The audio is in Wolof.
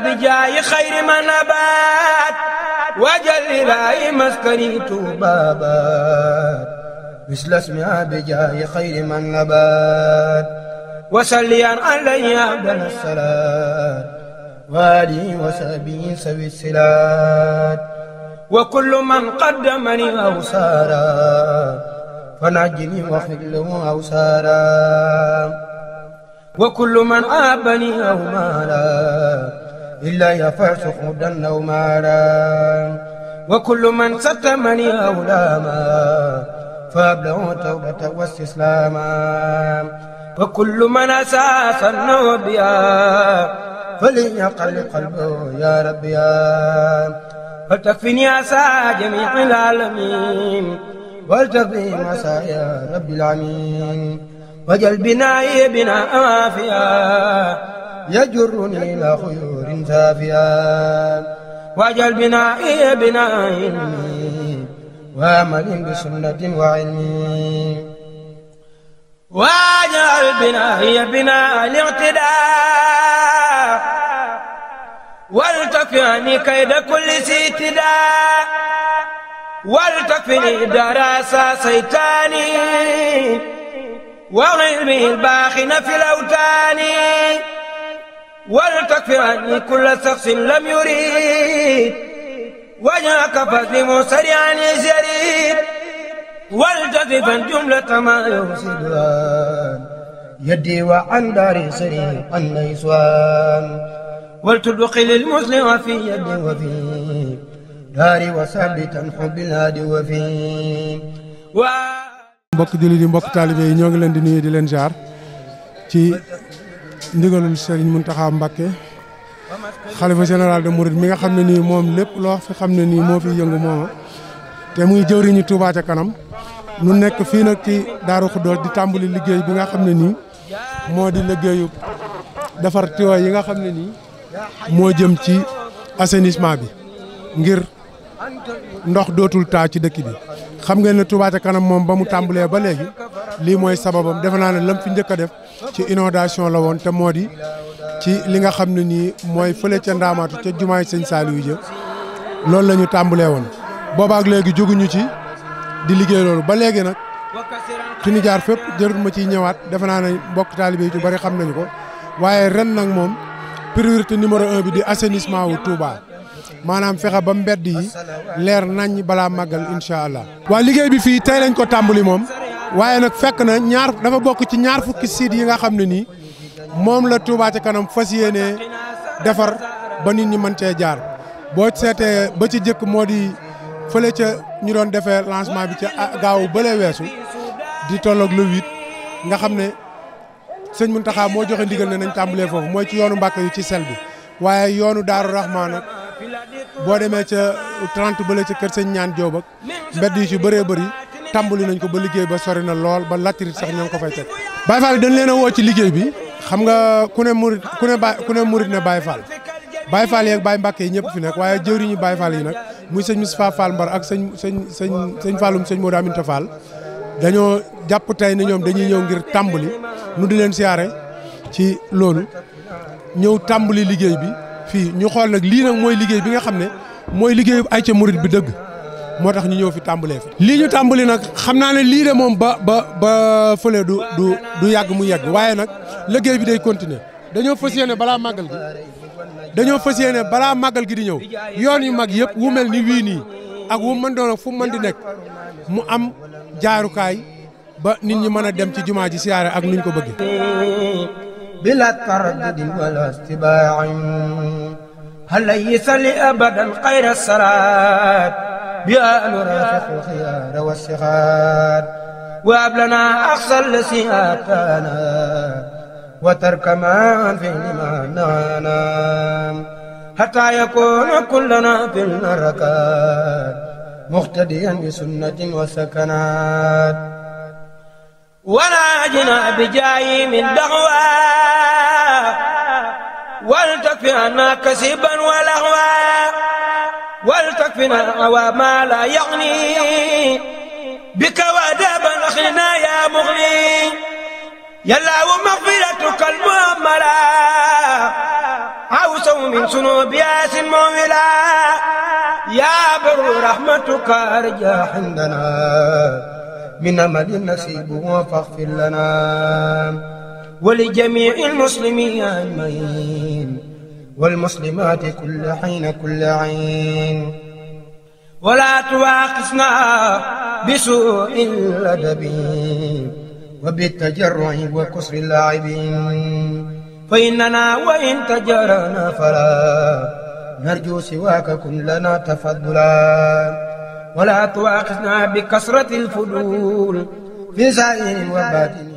bijaayi xayri ma nabaat wajal ilaahi maskani tuubaabaat mislasmi bijaayi xayri ma nabaat wasalliyan alayhi abdal salaat waalihi wa sahbihi sawi silaat wa kullu man qaddamani aw saara fanajjini waxfir lahu aw saara wa kullu man aabani aw maala بالله فسقدا أو مارا وكل من ستمني أو لاما فابلغ توبة واستسلاما وكل من أساس بها فليقل قلبه يا ربي يا فلتكفني عسى جميع العالمين والتقي عسى يا رب العالمين وجل بنائي بنا آفيا يجرني إلى خيول سافيا واجعل بنائي بناء علمي وامل بسنة وعلمي واجعل بنائي بناء الاعتداء والتكفني كيد كل سيتداء والتكفني دراسة سيتاني وغلبي الباخن في الأوتان ولتكف عني كل شخص لم يريد وجاك فاسلم سريعا يزيد والتزفا جملة ما يفسدان يدي وعن داري سري عن نيسوان ولتدق للمسلم في يدي وفي داري وثابتا حب الهادي وفي و... mbokk jullit yi mbokk taalibe yi ñoo ngi leen di nuyu di leen jaar ci ndigalul Serigne taxaw Mbacké xalifa général de Mouride mi nga xam ne nii moom lépp loo fi xam ne nii moo fi yëngu mooma te muy jëwriñu Touba ca kanam nu nekk fii nag ci Daaru Xuddoos di tàmbali liggéey bi nga xam ne nii moo di liggéeyu defar tuyau yi nga xam ne nii moo jëm ci assainissement bi ngir ndox dootul taa ci dëkk bi xam ngeen ne Touba ca kanam moom ba mu tàmbalee ba léegi lii mooy sababam defe naa ne lam fi njëkk a def ci inondation la woon te moo di ci li nga xam ne nii mooy fële ca ndaamaatu ca jumaay sëñ Saliou jë loolu la ñu tàmbalee woon boobaak léegi jóguñu ci di liggéey loolu ba léegi nag fi ñu jaar fépp jërut ma ciy ñëwaat defe naa ne mbokk taalibe yi ci bari xam nañu ko waaye ren nag moom priorité numéro un bi di assainissement wu Touba maanaam fexe ba mbedd yi leer nañ balaa màggal incha allah. waa liggéey bi fii tàmbali moom. waaye nag fekk na ñaar dafa bokk ci ñaar fukki sites yi nga xam ne nii moom la Touba ca kanam fas yéenee defar ba nit ñi mën cee jaar boo seetee ba ci jëkk moo di fële ca ñu doon defee lancement bi ca gaawu bële weesu di tolloog le huit nga xam ne sëñ Mountakha moo joxe ndigal ne nañ tàmbalee foofu mooy ci yoonu Mbàkke yu ci sel bi waaye yoonu Daaru Rahmaan boo demee ca 30 bële ca kër sëñ ñaan Joob ak mbedd yu ci bëree bëri tàmbali nañ ko ba liggéey ba sori na lool ba latérite sax ñoo ngi ko fay teg. Baye dañ leen a woo ci liggéey bi xam nga ku ne murit ku ne ba ku ne murit ne Baye Fall Baye Fall yeeg Baye Mbàkke yi ñëpp fi nekk waaye jëwriñu Baye Fall yi nag muy sëñ Moustapha Fall Mbar ak sëñ sëñ sëñ sëñ Falloum sëñ Modou Aminta dañoo jàpp tey ne ñoom dañuy ñëw ngir tàmbali nu di leen siyaare ci loolu ñëw tàmbali liggéey bi fii ñu xool nag lii nag mooy liggéey bi nga xam ne mooy liggéeyu ayca murit bi dëgg moo tax ñu ñëw fi tàmbalee fi lii ñu tàmbali nag xam naa ne lii de moom ba ba ba fële du du yàgg mu yàgg waaye nag liggéey bi day continuer dañoo fas yéene balaa màggal gi dañoo fas yéene balaa màggal gi di ñëw yoon yu mag yëpp wu mel ni wii nii ak wu mën doon ak fu mën di nekk mu am jaarukaay ba nit ñi mën a dem ci jumaa ji siyaare ak nuñ ko bëggee بأهل رافق الخيار والصغار وأبلنا أقصى الذي أتانا وترك ما في لما نعانا حتى يكون كلنا في النركات مقتديا بسنة وسكنات ولا جنا بجاي من دعوى ولتكفي عنا كسبا ولهوا ولتكفنا ما لا يغني بك ودابا أخنا يا مغني يا الله مغفرتك المؤملة عوسا من سنوب ياس مولا يا بر رحمتك أرجى عندنا من أمل نسيب فاغفر لنا ولجميع المسلمين أجمعين والمسلمات كل حين كل عين ولا تواقفنا بسوء الأدب وبالتجرع وكسر اللاعبين فإننا وإن تجرنا فلا نرجو سواك كن لنا تفضلا ولا تواقفنا بكسرة الفضول في زائر وباطن